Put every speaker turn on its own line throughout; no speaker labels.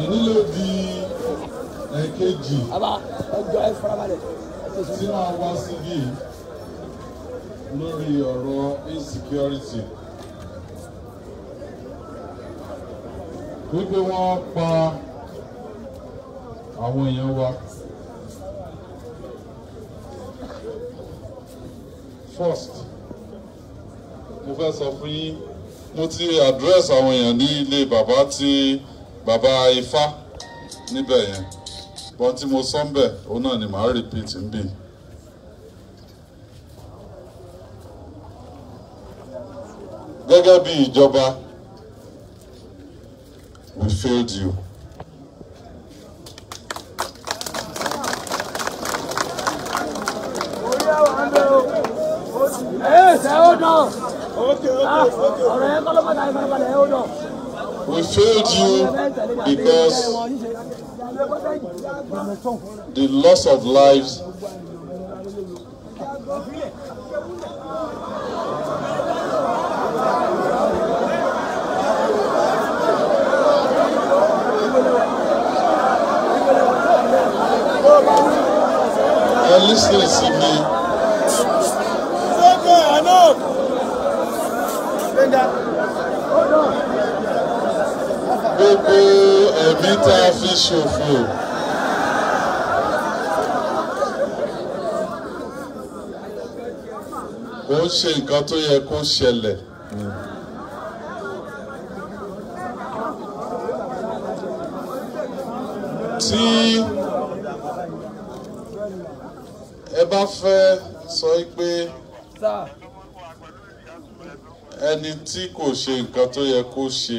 èyí ló di ẹ̀kejì tí máa wá síbí lórí ọ̀rọ̀ insecurity. wípé wọ́n pa àwọn èèyàn wa. first mo fẹ́ sọ fún yín mo ti address àwọn èèyàn ní ilé bàbá tí. Ti bàbá ifá níbẹ̀ yẹn bọ́n tí mo sọ ń bẹ̀ òun náà ni màá repeat ń bì. gẹ́gẹ́ bí ìjọba we failed you. We failed you because the loss of lives ẹ lísìn sí mi. Sọ́kẹ̀ àná gbogbo ẹ̀mí tá a fi ṣòfò. ó ń ṣe nǹkan tó yẹ kó ṣẹlẹ̀. tí ẹ bá fẹ́ sọ pé ẹni tí kò ṣe nǹkan tó yẹ kó ṣe.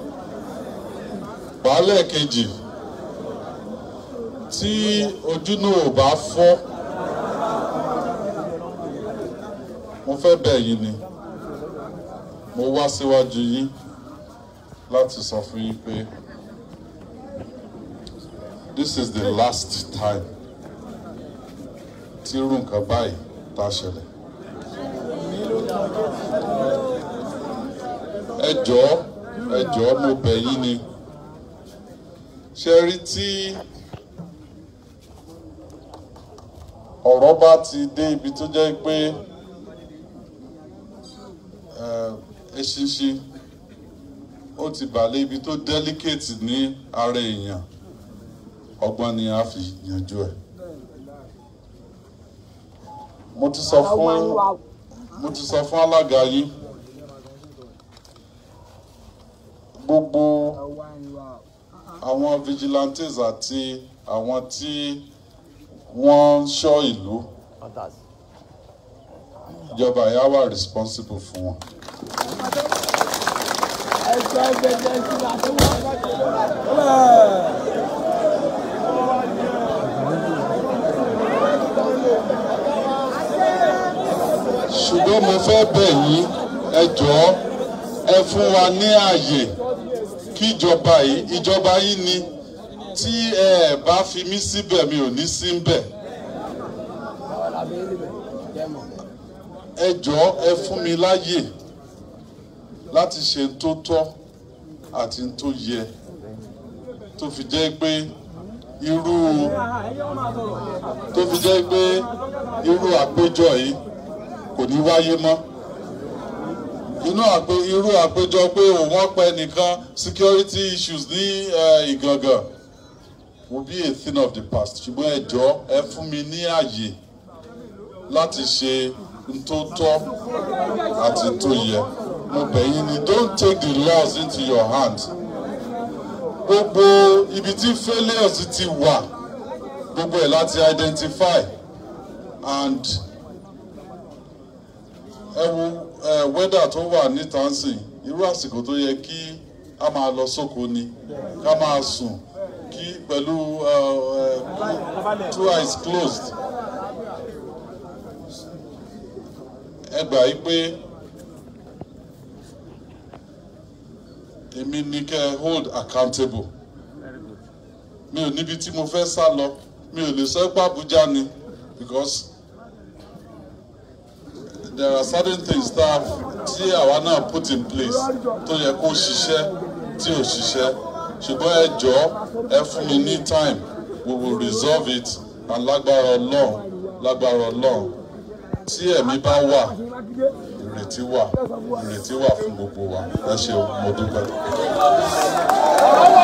wàhálẹ̀ kejì tí ojú ò bá fọ́ mo fẹ́ bẹ̀ yín ni mo wá síwájú yín láti sọ fún yín pé this is the last time tí irú nǹkan báyìí tá a ṣẹlẹ̀. ẹ jọ̀ọ́ ẹ jọ̀ọ́ mo bẹ̀ yín ni ṣe rí tí ọ̀rọ̀ bá ti dé ibi tó jẹ́ pé eh, eṣinṣin ó ti bàlẹ̀ ibi tó dẹ́líkèètì ní ara èèyàn ọgbọ́n ni a fi yanjú ẹ̀. mo ti sọ fún mo ti sọ fún alága yìí gbogbo àwọn vigilantes àti àwọn tí wọ́n ń ṣọ́ ìlú ìjọba yà wà responsible fún wọn. ṣùgbọ́n mo fẹ́ bẹ̀ yín ẹ jọ̀ọ́ ẹ fún wa ní ààyè kí ìjọba yìí ìjọba yìí ni tí ẹ bá fi mí síbẹ̀ mi ò ní sí bẹ̀. ẹ jọ̀ọ́ ẹ fún mi láyè láti ṣe tó tọ́ àti tó yẹ tó fi jẹ́ pé irú tó fi jẹ́ pé irú àpéjọ yìí kò ní wáyé mọ́ inú àpé irú àpéjọ pé òun wọ́n pẹ́ nìkan security issues ní eh, ìgangan will be a thing of the past ṣùgbọ́n ẹ ẹ fún mi ní àyè láti ṣe ntótọ́ àti ntóyẹ mo bẹ̀ ni don't take the laws into your hands gbogbo ibi tí failures ti wà gbogbo ẹ̀ láti identify and ẹ wo. wẹ́dà tó wà níta ń sìn irú àsìkò tó yẹ kí a máa lọ sóko ni ká máa sùn kí pẹ̀lú two eyes closed ẹ gbà yí pé èmi ní kẹ́ hold accountable mi ò níbi tí mo fẹ́ sá lọ mi ò lè sọ pé Àbújá ni because. there are certain things that tí àwa náà put in place To yẹ kó ṣiṣẹ́ tí ò ṣiṣẹ́ ṣùgbọ́n ẹ jọ ẹ fún mi ní time we will resolve it and lágbára Ọlọ́run lágbára Ọlọ́run tí ẹ̀mí bá wà ìrètí wà ìrètí wà fún gbogbo wa ẹ ṣeun mo dúpẹ́.